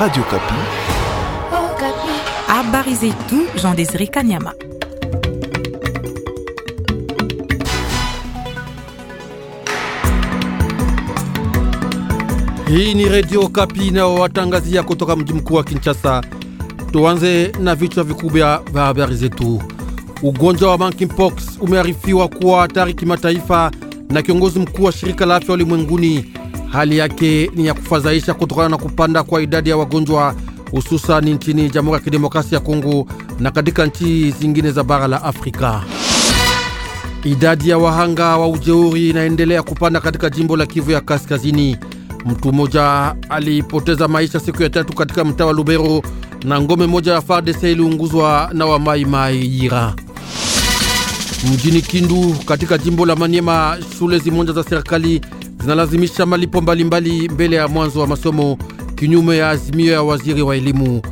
Radio Kapi. Habari zetu Jean Kanyama. Hii ni Radio Kapi nao watangazia kutoka mji mkuu wa Kinshasa. Tuanze na vichwa vikubwa vya habari zetu. Ugonjwa wa monkeypox umearifiwa kuwa hatari kimataifa na kiongozi mkuu wa shirika la afya ulimwenguni Hali yake ni ya kufadhaisha kutokana na kupanda kwa idadi ya wagonjwa hususan nchini Jamhuri ya Kidemokrasia ya Kongo na katika nchi zingine za bara la Afrika. Idadi ya wahanga wa ujeuri inaendelea kupanda katika jimbo la Kivu ya Kaskazini. Mtu mmoja alipoteza maisha siku ya tatu katika mtaa wa Lubero na ngome moja ya FARDC iliunguzwa na wamaimai yira. Mjini Kindu katika jimbo la Maniema, shule zimoja za serikali zinalazimisha malipo mbalimbali mbele ya mwanzo wa masomo kinyume ya azimio ya waziri wa elimu,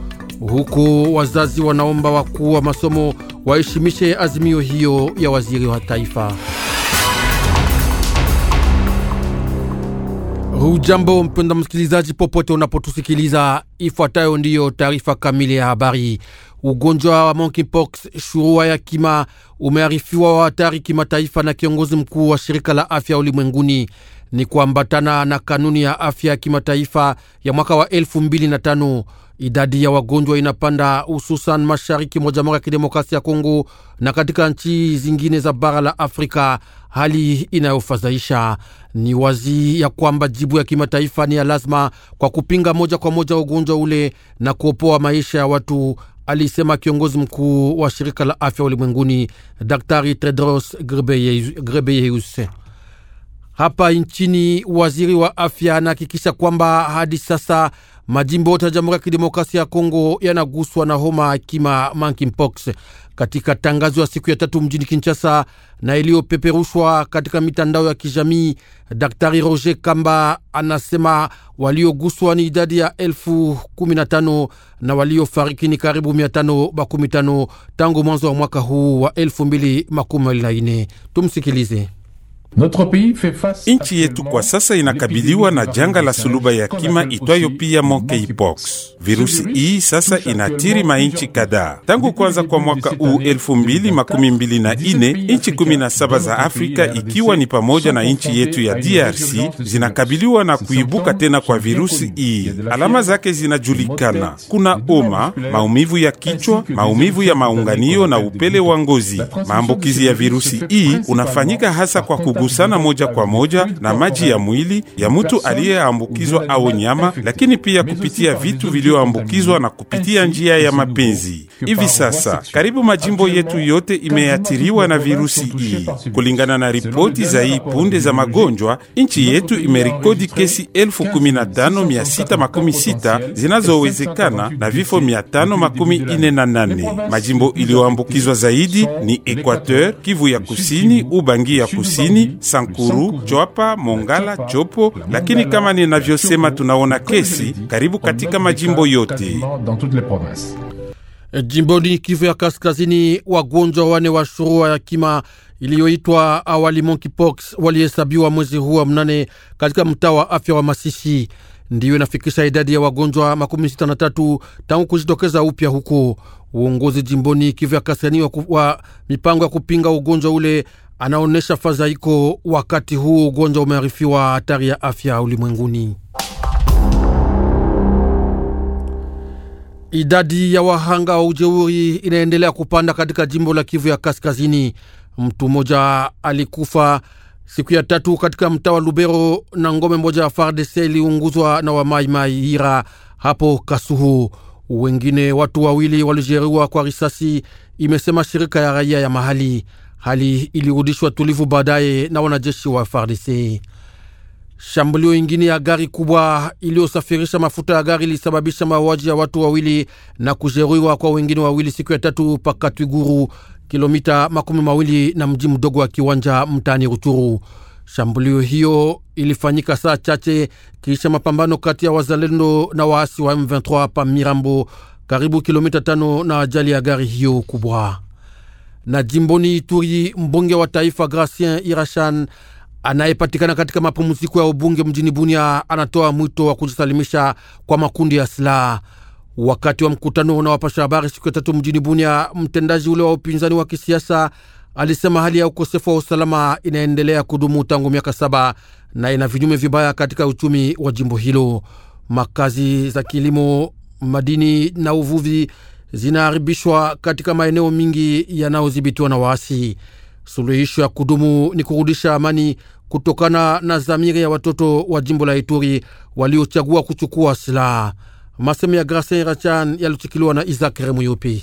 huku wazazi wanaomba wakuu wa masomo waheshimishe azimio hiyo ya waziri wa taifa. Hujambo mpenda msikilizaji, popote unapotusikiliza, ifuatayo ndiyo taarifa kamili ya habari. Ugonjwa wa monkeypox shurua ya kima umearifiwa wa hatari kimataifa na kiongozi mkuu wa shirika la afya ulimwenguni ni kuambatana na kanuni ya afya ya kimataifa ya mwaka wa 25 Idadi ya wagonjwa inapanda hususan mashariki mwa Jamhuri ya Kidemokrasia ya Kongo na katika nchi zingine za bara la Afrika, hali inayofadhaisha. Ni wazi ya kwamba jibu ya kimataifa ni ya lazima kwa kupinga moja kwa moja ugonjwa ule na kuopoa maisha ya watu, alisema kiongozi mkuu wa shirika la afya ulimwenguni Daktari Tedros Ghebreyesus. Hapa nchini waziri wa afya anahakikisha kwamba hadi sasa majimbo yote ya Jamhuri ya Kidemokrasia ya Kongo yanaguswa na homa ya kima monkeypox. Katika tangazo ya siku ya tatu mjini Kinshasa na iliyopeperushwa katika mitandao ya kijamii, Daktari Roger Kamba anasema walioguswa ni idadi ya elfu kumi na tano na waliofariki ni karibu mia tano makumi tano tangu mwanzo wa mwaka huu wa elfu mbili makumi mbili na nne. Tumsikilize. Nchi yetu kwa sasa inakabiliwa na janga la suluba ya kima itwayo pia monkeypox. Virusi hii sasa inatiri mainchi kadhaa. Tangu kwanza kwa mwaka huu 2024 nchi 17 za Afrika ikiwa ni pamoja na nchi yetu ya DRC zinakabiliwa na kuibuka tena kwa virusi hii. Alama zake zinajulikana: kuna oma, maumivu ya kichwa, maumivu ya maunganio na upele wa ngozi. Maambukizi ya virusi hii unafanyika hasa kwa kugusana moja kwa moja na maji ya mwili ya mtu aliyeambukizwa au nyama, lakini pia kupitia vitu vilivyoambukizwa na kupitia njia ya mapenzi. Hivi sasa karibu majimbo yetu yote imeathiriwa na virusi hii. Kulingana na ripoti za hii punde za magonjwa, nchi yetu imerekodi kesi 15616 zinazowezekana na vifo 548. Majimbo iliyoambukizwa zaidi ni Equateur, Kivu ya Kusini, Ubangi ya Kusini, Sankuru, Choapa, Mongala, Chopo, lakini kama ninavyosema, tunaona kesi karibu katika majimbo yote. Eh, jimboni Kivu ya Kaskazini, wagonjwa wane wa shurua ya kima iliyoitwa awali monkeypox walihesabiwa mwezi huu wa mnane katika mtaa wa afya wa Masisi. Ndiyo inafikisha idadi ya wagonjwa makumi sita na tatu tangu kujitokeza upya huko. Uongozi jimboni Kivu ya Kaskazini wa mipango ya kupinga ugonjwa ule anaonyesha fadhaiko, wakati huu ugonjwa umearifiwa hatari ya afya ulimwenguni. Idadi ya wahanga wa ujeuri inaendelea kupanda katika jimbo la Kivu ya Kaskazini. Mtu mmoja alikufa siku ya tatu katika mtaa wa Lubero na ngome moja ya FARDC iliunguzwa na wamaimai hira hapo Kasuhu. Wengine watu wawili walijeruhiwa kwa risasi, imesema shirika ya raia ya mahali. Hali ilirudishwa tulivu baadaye na wanajeshi wa FARDC. Shambulio ingine ya gari kubwa iliyosafirisha mafuta ya gari ilisababisha mauaji ya watu wawili na kujeruhiwa kwa wengine wawili siku ya tatu Pakatwiguru, kilomita makumi mawili na mji mdogo wa Kiwanja mtaani Ruchuru. Shambulio hiyo ilifanyika saa chache kisha mapambano kati ya wazalendo na waasi wa M23 pa Mirambo, karibu kilomita tano na ajali ya gari hiyo kubwa na jimboni Ituri, mbunge wa taifa Gracien Irashan anayepatikana katika mapumziko ya ubunge mjini Bunia anatoa mwito wa kujisalimisha kwa makundi ya silaha. Wakati wa mkutano unawapasha habari siku ya tatu mjini Bunia, mtendaji ule wa upinzani wa kisiasa alisema hali ya ukosefu wa usalama inaendelea kudumu tangu miaka saba na ina vinyume vibaya katika uchumi wa jimbo hilo. Makazi za kilimo, madini na uvuvi zinaharibishwa katika maeneo mingi yanayodhibitiwa na waasi. Suluhisho ya kudumu ni kurudisha amani kutokana na dhamiri ya watoto wa jimbo la Ituri waliochagua kuchukua silaha. Masemo ya Grasin Rachan yalichikiliwa na Isaac Remuyupi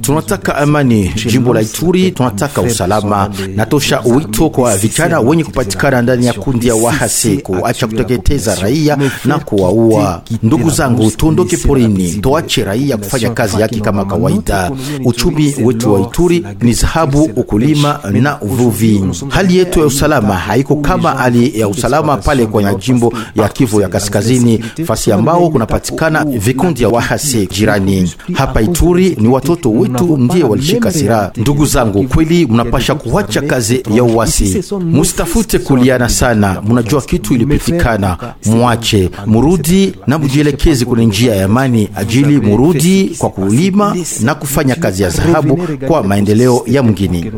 tunataka amani jimbo la Ituri, tunataka usalama. Natosha wito kwa vijana wenye kupatikana ndani ya kundi ya wahasi kuacha kuteketeza raia na kuwaua. Ndugu zangu, tuondoke porini, tuache raia kufanya kazi yake kama kawaida. Uchumi wetu wa Ituri ni dhahabu, ukulima na uvuvi. Hali yetu ya usalama haiko kama hali ya usalama pale kwenye jimbo ya Kivu ya Kaskazini, fasi ambao kunapatikana vikundi ya wahase jirani. Hapa Ituri ni watoto wetu ndiye walishika silaha. Ndugu zangu, kweli mnapasha kuwacha kazi ya uwasi, mustafute kuliana sana. Mnajua kitu ilipitikana, mwache murudi na mujielekezi kwenye njia ya amani, ajili murudi kwa kulima na kufanya kazi ya dhahabu kwa maendeleo ya mgini.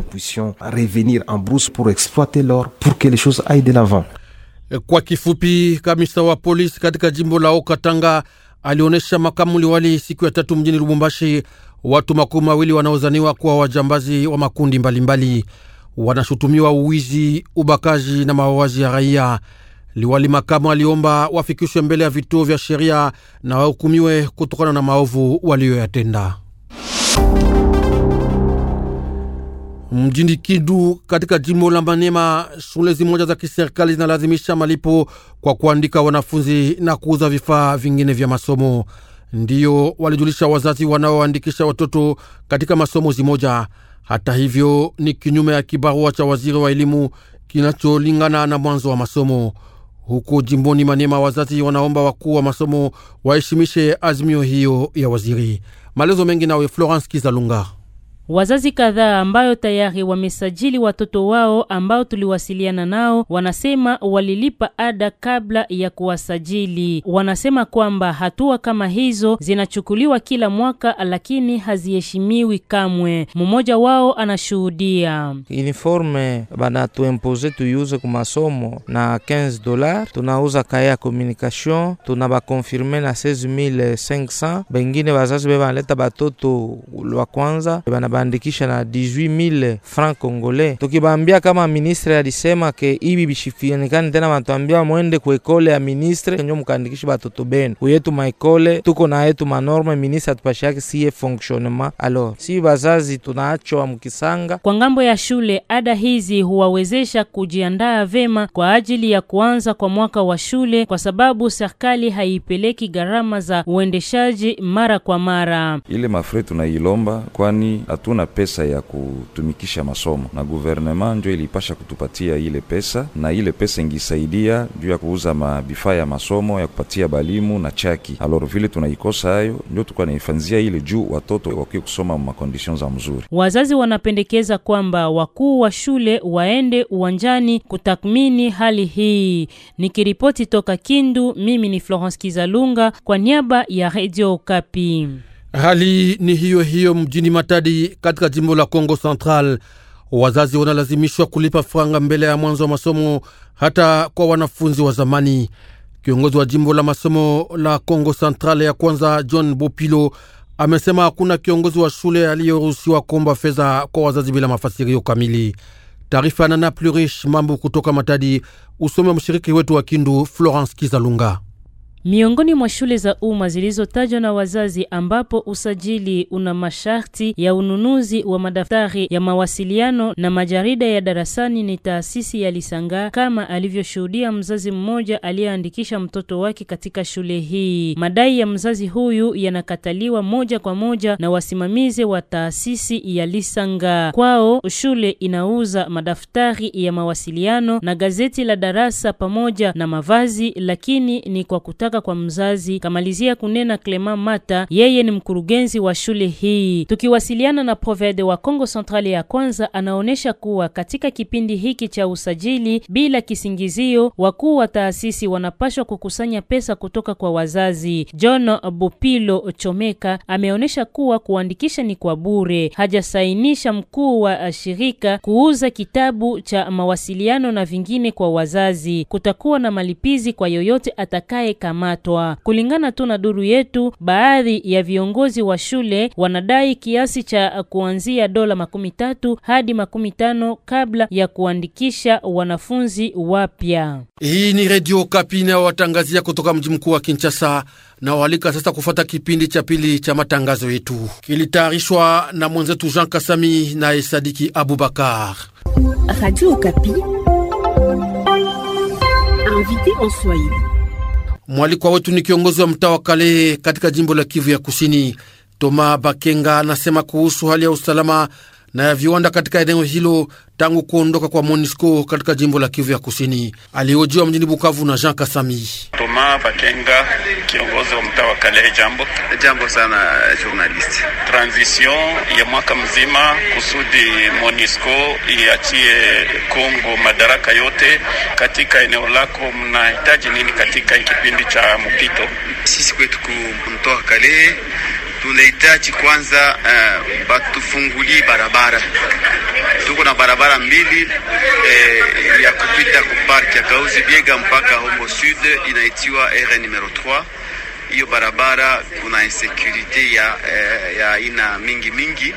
Kwa kifupi, kamisa wa polisi katika jimbo la Okatanga alionyesha makamu liwali siku ya tatu mjini Lubumbashi watu makumi mawili wanaozaniwa kuwa wajambazi wa makundi mbalimbali mbali. Wanashutumiwa uwizi, ubakaji na mauaji ya raia. Liwali makamu aliomba wafikishwe mbele ya vituo vya sheria na wahukumiwe kutokana na maovu waliyoyatenda. Mjini Kindu katika jimbo la manema shule zimoja za kiserikali zinalazimisha malipo kwa kuandika wanafunzi na kuuza vifaa vingine vya masomo. Ndiyo walijulisha wazazi wanaoandikisha watoto katika masomo zimoja. Hata hivyo, ni kinyume ya kibarua cha waziri wa elimu kinacholingana na mwanzo wa masomo. Huko jimboni manema wazazi wanaomba wakuu wa masomo waheshimishe azimio hiyo ya waziri. Maelezo mengi nawe Florence Kizalunga. Wazazi kadhaa ambayo tayari wamesajili watoto wao ambao tuliwasiliana nao wanasema walilipa ada kabla ya kuwasajili. Wanasema kwamba hatua kama hizo zinachukuliwa kila mwaka, lakini haziheshimiwi kamwe. Mmoja wao anashuhudia: uniforme banatuempoze tuyuze ku masomo na 15 dola, tunauza kaya ya communication tunabakonfirme na 16500. Bengine wazazi be banaleta batoto lwa kwanza bana baandikisha na 18000 franc congolais. Tukibaambia kama ministre alisema ke ibi bishifianikani tena, banatwambia mwende kuekole ya ministre njo mukaandikishe batoto benu kuyetu maekole, tuko na yetu manorme. Ministre atupashe yake siye fonctionnement alors si bazazi tunaachowa mukisanga kwa ngambo ya shule. Ada hizi huwawezesha kujiandaa vema kwa ajili ya kuanza kwa mwaka wa shule, kwa sababu serikali haipeleki gharama za uendeshaji mara kwa mara. Ile mafre tunailomba kwani atu hatuna pesa ya kutumikisha masomo, na guvernema njo ilipasha kutupatia ile pesa, na ile pesa ingisaidia juu ya kuuza mabifaa ya masomo ya kupatia balimu na chaki. Alor vile tunaikosa hayo, ndio tukuwa naifanzia ile juu watoto wakie kusoma makondision za mzuri. Wazazi wanapendekeza kwamba wakuu wa shule waende uwanjani kutathmini hali hii. Nikiripoti toka Kindu, mimi ni Florence Kizalunga kwa niaba ya Radio Okapi. Hali ni hiyo hiyo mjini Matadi katika jimbo la Kongo Central. Wazazi wanalazimishwa kulipa franga mbele ya mwanzo wa masomo hata kwa wanafunzi wa zamani. Kiongozi wa jimbo la masomo la Kongo Central ya kwanza John Bopilo amesema hakuna kiongozi wa shule aliyeruhusiwa kuomba fedha kwa wazazi bila mafasirio kamili. Taarifa Nana Plurish Mambo kutoka Matadi, usome mshiriki wetu wa Kindu Florence Kizalunga miongoni mwa shule za umma zilizotajwa na wazazi ambapo usajili una masharti ya ununuzi wa madaftari ya mawasiliano na majarida ya darasani ni taasisi ya Lisanga, kama alivyoshuhudia mzazi mmoja aliyeandikisha mtoto wake katika shule hii. Madai ya mzazi huyu yanakataliwa moja kwa moja na wasimamizi wa taasisi ya Lisanga. Kwao shule inauza madaftari ya mawasiliano na gazeti la darasa pamoja na mavazi, lakini ni kwa kutaka kutoka kwa mzazi, kamalizia kunena Clema Mata, yeye ni mkurugenzi wa shule hii. Tukiwasiliana na provede wa Kongo Centrale ya kwanza, anaonyesha kuwa katika kipindi hiki cha usajili bila kisingizio, wakuu wa taasisi wanapashwa kukusanya pesa kutoka kwa wazazi. John Bupilo Chomeka ameonyesha kuwa kuandikisha ni kwa bure, hajasainisha mkuu wa shirika kuuza kitabu cha mawasiliano na vingine kwa wazazi. Kutakuwa na malipizi kwa yoyote atakaye kama kukamatwa. Kulingana tu na duru yetu, baadhi ya viongozi wa shule wanadai kiasi cha kuanzia dola makumi tatu hadi makumi tano kabla ya kuandikisha wanafunzi wapya. Hii ni Redio Kapi inayowatangazia kutoka mji mkuu wa Kinshasa na walika sasa kufata kipindi cha pili cha matangazo yetu kilitayarishwa na mwenzetu Jean Kasami naye Sadiki Abubakar. Radio Kapi invité en Swahili. Mwalikwa wetu ni kiongozi wa mtaa wa kale katika jimbo la Kivu ya Kusini. Toma Bakenga anasema kuhusu hali ya usalama na ya viwanda katika eneo hilo tangu kuondoka kwa MONUSCO katika jimbo la Kivu ya Kusini. Alihojiwa mjini Bukavu na Jean Kasami. Clement Bakenga, kiongozi wa mtaa wa Kalehe. Jambo. Jambo sana eh, journalist. Transition ya mwaka mzima kusudi Monisco iachie Kongo madaraka yote katika eneo lako, mnahitaji nini katika kipindi cha mpito? Sisi kwetu kumtoa Kalehe tunahitaji kwanza uh, batufungulie barabara. Tuko na barabara mbili eh, ya kupita park ya Kauzi Biega mpaka Hombo Sud inaitiwa R numero 3. Hiyo barabara kuna insecurity ya eh, ya aina mingi mingi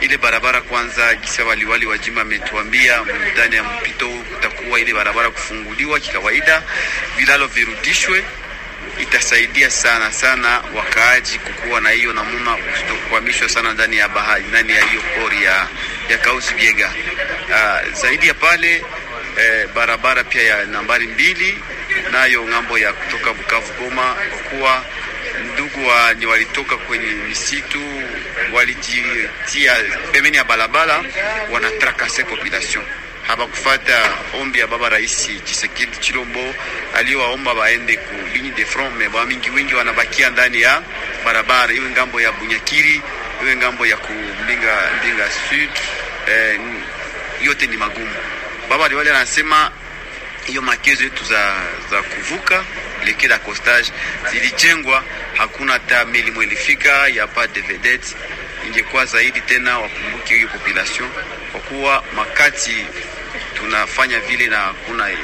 ile barabara kwanza, gisa waliwali wa jimbo ametuambia ndani ya mpito utakuwa ile barabara kufunguliwa kikawaida, vilalo virudishwe itasaidia sana sana wakaaji kukuwa na hiyo namuna kuhamishwa sana ndani ya bahari, ndani ya hiyo pori ya, ya Kausi Biega. Uh, zaidi ya pale eh, barabara pia ya nambari mbili nayo ng'ambo ya kutoka Bukavu Goma, kwa kuwa ndugu wa, ni walitoka kwenye misitu walijitia pembeni ya barabara, wanatrakase population habakufata ombi ya baba Rais Chisekedi Chilombo aliyowaomba waende ku ligne de front, me ba mingi wengi wanabakia ndani ya barabara, iwe ngambo ya Bunyakiri, iwe ngambo ya kumbinga mbinga sud eh, yote ni magumu. Baba aliwali anasema hiyo makezo yetu za, za kuvuka leke la costage zilijengwa, hakuna hata meli mwelifika ya pas de vedette. Ingekuwa zaidi tena wakumbuke hiyo population kwa kuwa makati tunafanya vile na kuna eh,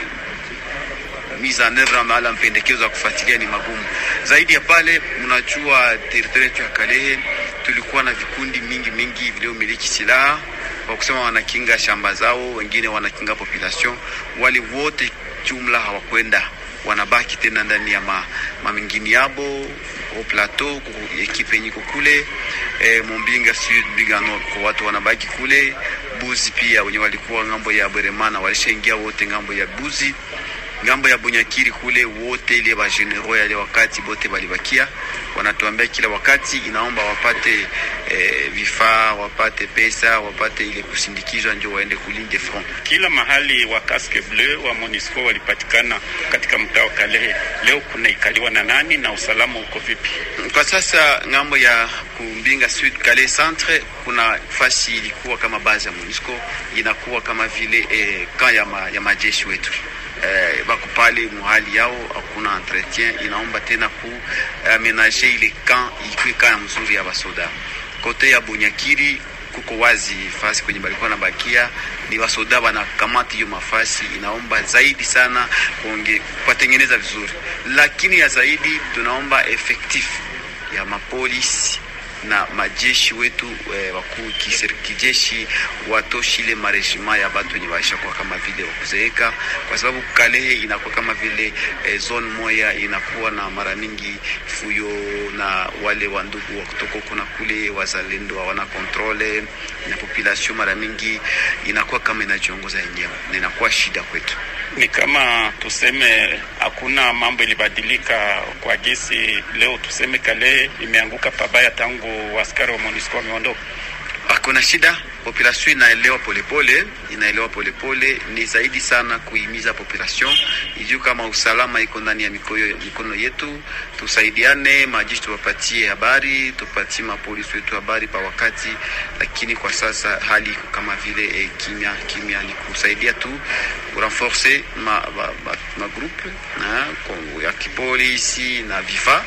mise en oeuvre mahala mpendekezo ya kufuatilia ni magumu zaidi ya pale. Mnajua teritori yetu ya Kalehe tulikuwa na vikundi mingi mingi vilivyomiliki silaha kwa kusema wanakinga shamba zao, wengine wanakinga population, wale wote jumla hawakwenda wanabaki tena ndani ya ma, mamingini yabo au plateau ekipe nyiko kule e, Mombinga Sud bigano kwa watu wanabaki kule Buzi pia wenye walikuwa ngambo ya Bweremana walishaingia wote ngambo ya Buzi ngambo ya Bunyakiri kule, wote ile ba general yale wakati bote balibakia, wanatuambia kila wakati inaomba wapate eh, vifaa wapate pesa wapate ile kusindikizwa ndio waende kulinde front. Kila mahali wa casque bleu wa Monisco walipatikana katika mtaa wa Kalehe. Leo kuna ikaliwa na nani na usalama uko vipi kwa sasa? Ngambo ya Kumbinga Sud Kalehe centre kuna fasi ilikuwa kama baza ya Monisco inakuwa kama vile eh, kaya ma, ya majeshi wetu eh, bako pale muhali yao hakuna entretien. Inaomba tena ku eh, ile kan ikwe kan mzuri ya basoda kote ya Bunyakiri kuko wazi fasi kwenye balikuwa na bakia ni wasoda wanakamata hiyo mafasi. Inaomba zaidi sana kuonge kuwatengeneza vizuri, lakini ya zaidi tunaomba efektif ya mapolisi na majeshi wetu e, wakuu kijeshi watoshi ile marejima ya batu wenye waisha kwa kama vile wakuzeeka, kwa sababu Kalehe inakuwa kama vile e, zone moya inakuwa na mara mingi fuyo na wale wandugu wa huko na kule wazalendo hawana kontrole na population, mara mingi inakuwa kama inajiongoza yenyewe na inakuwa shida kwetu ni kama tuseme hakuna mambo ilibadilika kwa gesi leo, tuseme Kale imeanguka pabaya tangu askari wa MONUSCO wameondoka hakuna shida. Population inaelewa polepole, inaelewa polepole. Ni zaidi sana kuhimiza population ijue kama usalama iko ndani ya mikono yetu. Tusaidiane, majeshi tuwapatie habari, tupatie mapolisi wetu habari pa wakati, lakini kwa sasa hali iko kama vile eh, kimya kimya. Ni kusaidia tu renforce ma, ma, ma, ma group na ya kipolisi na vifaa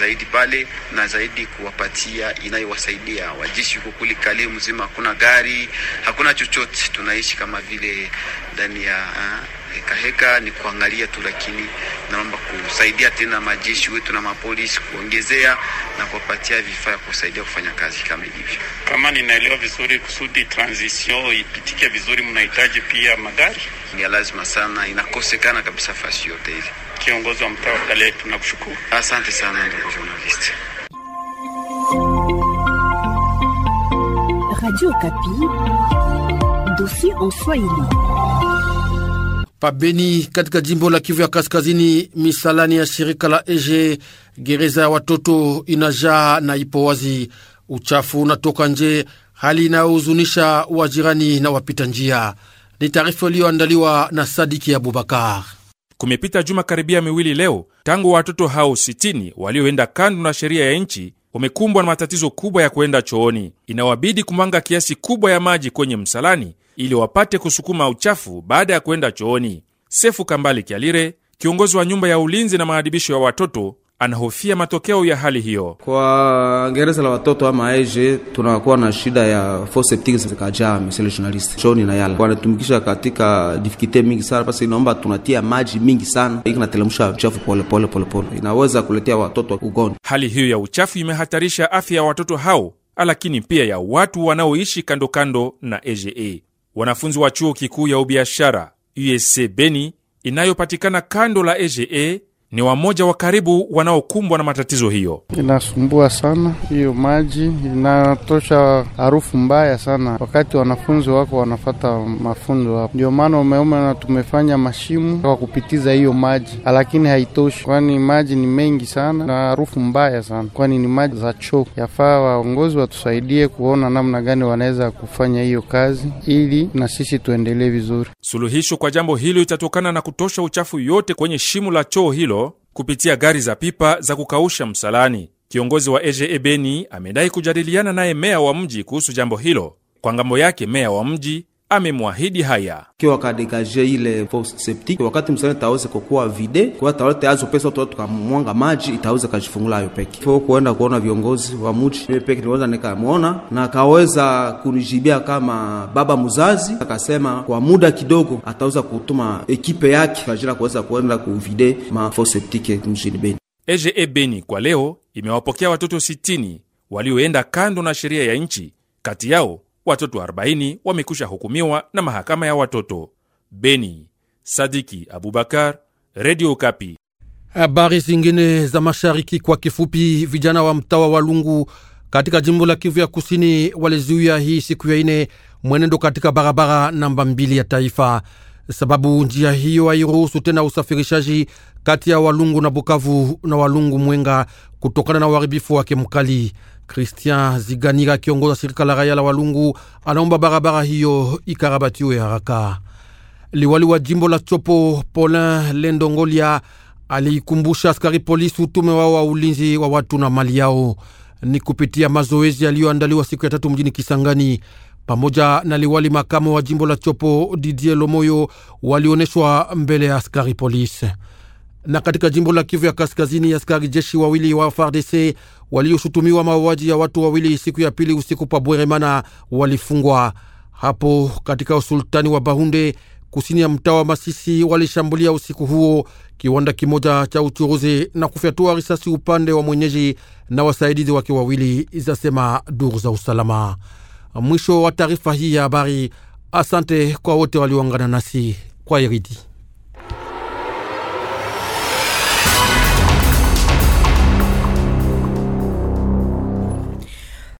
zaidi pale na zaidi kuwapatia inayowasaidia wajishi. Huko kale mzima, hakuna gari, hakuna chochote, tunaishi kama vile ndani ya ah, heka heka, ni kuangalia tu, lakini naomba kusaidia tena majeshi wetu na mapolisi kuongezea na kuwapatia vifaa kusaidia kufanya kazi kama ilivyo. Kama ninaelewa vizuri, kusudi transition ipitike vizuri, mnahitaji pia magari, ni lazima sana, inakosekana kabisa fasi yote hizi kiongozi wa mtaa wa Kale. Tunakushukuru, asante sana ndugu journalist. Radio Kapi, dosi en Swahili. Pabeni katika jimbo la Kivu ya Kaskazini, misalani ya shirika la Ege gereza ya watoto inajaa na ipo wazi, uchafu unatoka nje, hali inayohuzunisha wajirani na wapita njia. Ni taarifa iliyoandaliwa na Sadiki Abubakar. Kumepita juma karibia miwili leo tangu watoto hao 60 walioenda kando na sheria ya nchi wamekumbwa na matatizo kubwa ya kuenda chooni. Inawabidi kumwanga kiasi kubwa ya maji kwenye msalani ili wapate kusukuma uchafu baada ya kuenda chooni. Sefu Kambali Kyalire, kiongozi wa nyumba ya ulinzi na maadibisho ya watoto anahofia matokeo ya hali hiyo. Kwa gereza la watoto ama eje, tunakuwa na shida ya forceps kajaa msele journalist choni na yala wanatumikisha katika difikite mingi sana basi, inaomba tunatia maji mingi sana, ikinatelemsha uchafu polepole polepole, inaweza kuletea watoto ugonjwa. Hali hiyo ya uchafu imehatarisha afya ya watoto hao, lakini pia ya watu wanaoishi kando kando na eje. Wanafunzi wa chuo kikuu ya ubiashara USC Beni inayopatikana kando la eje ni wamoja wa karibu wanaokumbwa na matatizo hiyo. Inasumbua sana hiyo maji, inatosha harufu mbaya sana wakati wanafunzi wako wanafata mafunzo hapo. Ndio maana umeume na tumefanya mashimu kwa kupitiza hiyo maji, lakini haitoshi, kwani maji ni mengi sana na harufu mbaya sana, kwani ni maji za choo. Yafaa waongozi watusaidie kuona namna gani wanaweza kufanya hiyo kazi, ili na sisi tuendelee vizuri. Suluhisho kwa jambo hilo itatokana na kutosha uchafu yote kwenye shimo la choo hilo kupitia gari za pipa za kukausha msalani. Kiongozi wa Eje Ebeni amedai kujadiliana naye meya wa mji kuhusu jambo hilo. Kwa ngambo yake, meya wa mji amemwahidi haya kiwa je ile post septic wakati msana taweze kokuwa vide kwa tawalete azo pesa kwa mwanga maji itaweza kajifungula hiyo peke kwa kuenda kuona viongozi wa muji mimi peke niweza nikamwona na akaweza kunijibia kama baba mzazi, akasema kwa muda kidogo ataweza kutuma ekipe yake kwa ajili ya kuweza kuenda vide ma post septic mjini Beni. e Beni kwa leo imewapokea watoto sitini walioenda kando na sheria ya nchi, kati yao watoto 40 wamekusha hukumiwa na mahakama ya watoto Beni. Sadiki Abubakar, Radio Kapi. Habari zingine za mashariki kwa kifupi. Vijana wa mtawa wa Lungu katika jimbo la Kivu ya kusini walizuia hii siku ya ine mwenendo katika barabara namba mbili ya taifa sababu njia hiyo hairuhusu tena usafirishaji kati ya Walungu na Bukavu na Walungu Mwenga kutokana na uharibifu wake mkali. Christian Ziganira, kiongoza shirika la raia la Walungu, anaomba barabara hiyo ikarabatiwe haraka. Liwali wa jimbo la Chopo, Paulin Lendongolia, aliikumbusha askari polisi utume wao wa ulinzi wa watu na mali yao. Ni kupitia mazoezi yaliyoandaliwa siku ya tatu mjini Kisangani pamoja na liwali makamo wa jimbo la Chopo Didier Lomoyo walioneshwa mbele ya askari polisi. Na katika jimbo la Kivu ya Kaskazini, askari jeshi wawili wa FARDC walioshutumiwa mauaji ya watu wawili siku ya pili usiku pa Bweremana walifungwa hapo katika usultani wa Bahunde kusini ya mtaa wa Masisi. Walishambulia usiku huo kiwanda kimoja cha uchuruzi na kufyatua risasi upande wa mwenyeji na wasaidizi wake wawili, zasema duru za usalama. Mwisho wa taarifa hii ya habari. Asante kwa wote walioungana nasi kwa iridi.